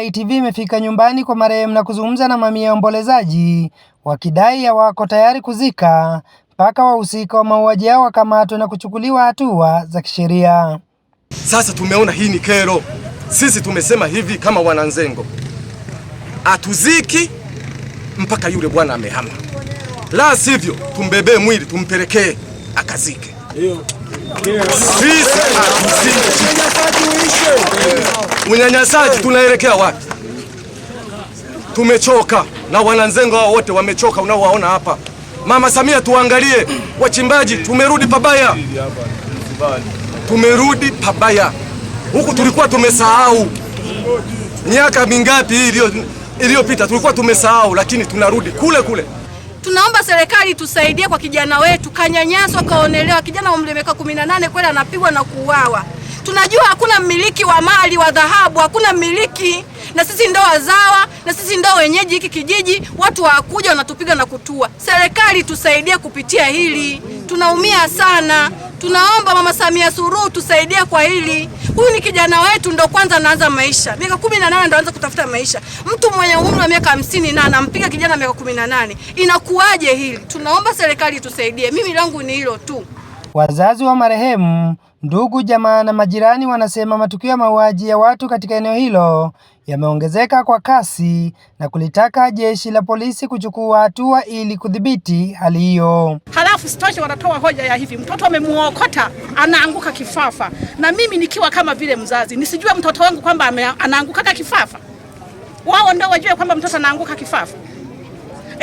ITV imefika nyumbani kwa marehemu na kuzungumza na mamia ya waombolezaji wakidai hawako tayari kuzika mpaka wahusika wa mauaji yao wakamatwe na kuchukuliwa hatua za kisheria. Sasa tumeona hii ni kero. Sisi tumesema hivi kama Wananzengo, atuziki mpaka yule bwana amehama, la sivyo tumbebee mwili tumpelekee akazike. Sisi hatusiki unyanyasaji. Tunaelekea wapi? Tumechoka na wananzengo hao wote wamechoka, unaowaona hapa. Mama Samia, tuangalie wachimbaji, tumerudi pabaya, tumerudi pabaya. Huku tulikuwa tumesahau miaka mingapi hii iliyopita, tulikuwa tumesahau, lakini tunarudi kule kule. Tunaomba serikali tusaidie kwa kijana wetu, kanyanyaswa, kaonelewa. Kijana wa umri miaka 18 kweli anapigwa na kuuawa. Tunajua hakuna mmiliki wa mali wa dhahabu, hakuna mmiliki, na sisi ndo wazawa, na sisi ndo wenyeji hiki kijiji. Watu hawakuja wanatupiga na kutua. Serikali tusaidie kupitia hili, tunaumia sana. Tunaomba Mama Samia Suluhu tusaidie kwa hili. Huyu ni kijana wetu ndo kwanza anaanza maisha. Miaka 18 ndo anza kutafuta maisha. Mtu mwenye umri wa miaka 50 na anampiga kijana miaka 18. Inakuwaje hili? Tunaomba serikali tusaidie. Mimi langu ni hilo tu. Wazazi wa marehemu Ndugu, jamaa na majirani wanasema matukio ya mauaji ya watu katika eneo hilo yameongezeka kwa kasi na kulitaka jeshi la polisi kuchukua hatua ili kudhibiti hali hiyo. Halafu sitoshe, wanatoa hoja ya hivi mtoto amemuokota anaanguka kifafa, na mimi nikiwa kama vile mzazi nisijue mtoto wangu kwamba anaangukaga kifafa, wao ndio wajue kwamba mtoto anaanguka kifafa.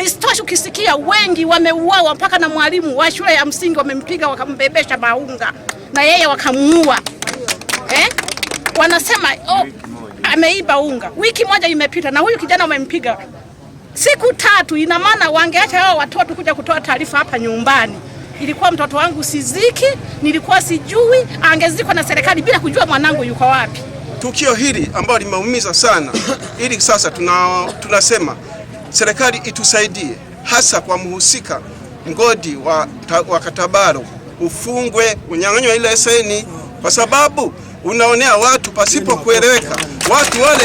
Isitoshe, ukisikia wengi wameuawa, mpaka na mwalimu wa shule ya msingi wamempiga wakambebesha maunga na yeye wakamuua eh? Wanasema oh, ameiba unga. Wiki moja imepita na huyu kijana wamempiga siku tatu. Ina maana wangeacha hao watoto kuja kutoa taarifa hapa nyumbani. Ilikuwa mtoto wangu siziki, nilikuwa sijui, angezikwa na serikali bila kujua mwanangu yuko wapi. Tukio hili ambalo limeumiza sana, ili sasa tuna, tunasema serikali itusaidie, hasa kwa mhusika mgodi wa, wa Katabaro ufungwe, unyang'anywe ile leseni, kwa sababu unaonea watu pasipo kueleweka. Watu wale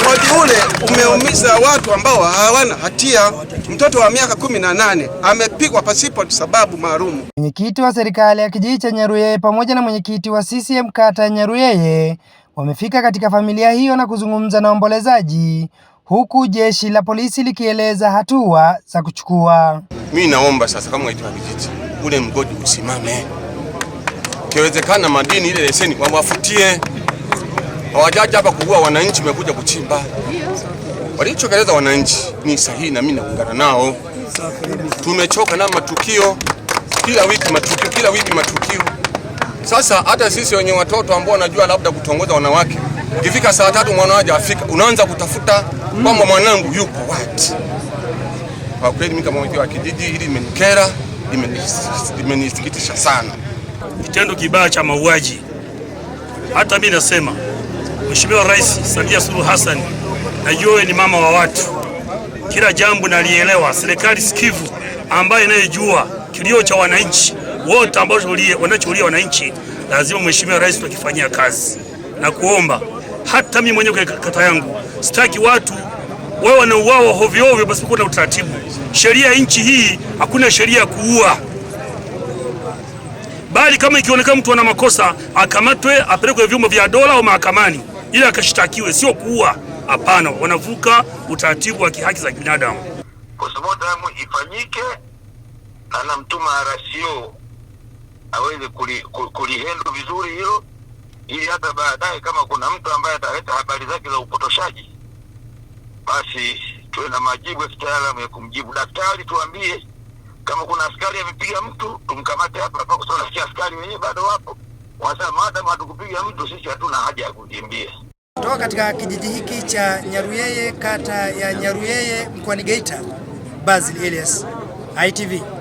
mgodi ule umeumiza watu ambao hawana hatia. Mtoto wa miaka kumi na nane amepigwa pasipo sababu maalum Mwenyekiti wa serikali ya kijiji cha Nyaruyeye pamoja na mwenyekiti wa CCM kata ya Nyaruyeye wamefika katika familia hiyo na kuzungumza na ombolezaji huku jeshi la polisi likieleza hatua za kuchukua. Mi naomba sasa, kama unaitwa kijiji, ule mgodi usimame, kiwezekana madini ile leseni wawafutie. Hawajaja hapa kuua wananchi, wamekuja kuchimba. Walichokeleza wananchi ni sahihi, na mimi naungana nao. Tumechoka na matukio kila wiki, matukio kila wiki, matukio. Sasa hata sisi wenye watoto ambao wanajua labda kutongoza wanawake, ikifika saa tatu mwanawaja afika, unaanza kutafuta Mm. kwamba mwanangu yupo wapi. Kwa kweli mimi kama mwenyekiti wa kijiji, hili limenikera, limenisikitisha sana, kitendo kibaya cha mauaji. Hata mimi nasema Mheshimiwa Rais Samia Suluhu Hassan najua ni mama wa watu, kila jambo nalielewa. Serikali sikivu ambayo inayojua kilio cha wananchi wote ambao wanacholia wananchi, lazima Mheshimiwa Rais tukifanyia kazi na kuomba hata mimi mwenyewe kata yangu sitaki watu wao wanauawa hovyo hovyo pasipokuwa na utaratibu. Sheria ya nchi hii, hakuna sheria ya kuua, bali kama ikionekana mtu ana makosa akamatwe, apelekwe vyombo vya dola au mahakamani ili akashitakiwe sio kuua. Hapana, wanavuka utaratibu wa kihaki za binadamu. Postmortem ifanyike, anamtuma RCO aweze kuli vizuri hilo ili hata baadaye kama kuna mtu ambaye ataleta habari zake za upotoshaji, basi tuwe na majibu ya kitaalamu ya kumjibu daktari. Tuambie kama kuna askari amepiga mtu tumkamate hapa hapa, kwa sababu nasikia askari wenyewe bado wapo wanasema, maadamu hatukupiga mtu sisi hatuna haja ya kukimbia. Kutoka katika kijiji hiki cha Nyaruyeye, kata ya Nyaruyeye, mkoani Geita, Basil Elias, ITV.